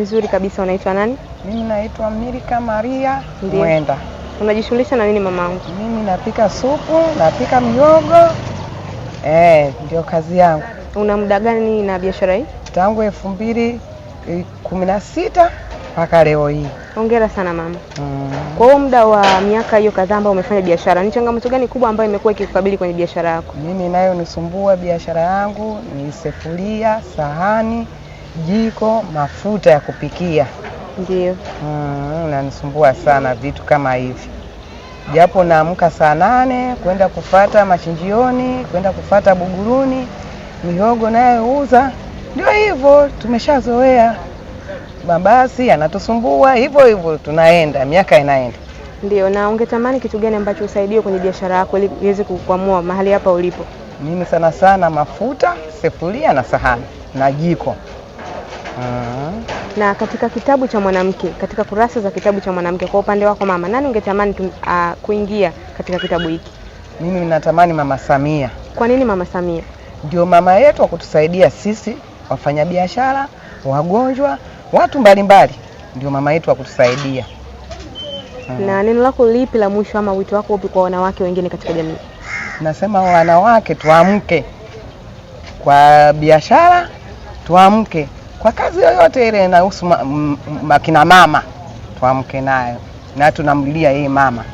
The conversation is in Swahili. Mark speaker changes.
Speaker 1: Nzuri kabisa. Unaitwa nani?
Speaker 2: Mimi naitwa Milka Maria Mwenda.
Speaker 1: Unajishughulisha na nini mamangu?
Speaker 2: Mimi napika supu, napika miogo eh, ndio kazi yangu.
Speaker 1: Una muda gani na biashara hii?
Speaker 2: Tangu elfu mbili eh, kumi na sita mpaka leo hii.
Speaker 1: Hongera sana mama. Mm. Kwa huo muda wa miaka hiyo kadhaa ambayo umefanya biashara, ni changamoto gani kubwa ambayo imekuwa ikikukabili kwenye biashara yako?
Speaker 2: Mimi nayo nisumbua biashara yangu ni sefuria, sahani jiko, mafuta ya kupikia ndio mm, nanisumbua sana vitu kama hivi, japo naamka saa nane kwenda kufata machinjioni, kwenda kufata Buguruni, mihogo nayouza uza. Ndio hivyo tumeshazoea, mabasi yanatusumbua hivyo hivyo, tunaenda miaka inaenda.
Speaker 1: Ndio. Na ungetamani kitu gani ambacho usaidie kwenye biashara yako ili iweze kukwamua mahali hapa ulipo?
Speaker 2: Mimi sana sana mafuta, sefuria na sahani na jiko
Speaker 1: na katika kitabu cha mwanamke, katika kurasa za kitabu cha mwanamke, kwa upande wako mama, nani ungetamani uh, kuingia katika kitabu hiki?
Speaker 2: Mimi ninatamani Mama Samia.
Speaker 1: Kwa nini Mama Samia?
Speaker 2: Ndio mama yetu wa kutusaidia sisi wafanyabiashara, wagonjwa, watu mbalimbali, ndio mama yetu wa kutusaidia.
Speaker 1: Hmm. Na neno lako lipi la mwisho ama wito wako upi kwa wanawake wengine katika jamii?
Speaker 2: Nasema wanawake tuamke kwa biashara, tuamke kwa kazi yoyote ile inahusu akina mama, tuamke nayo na tunamlilia yeye mama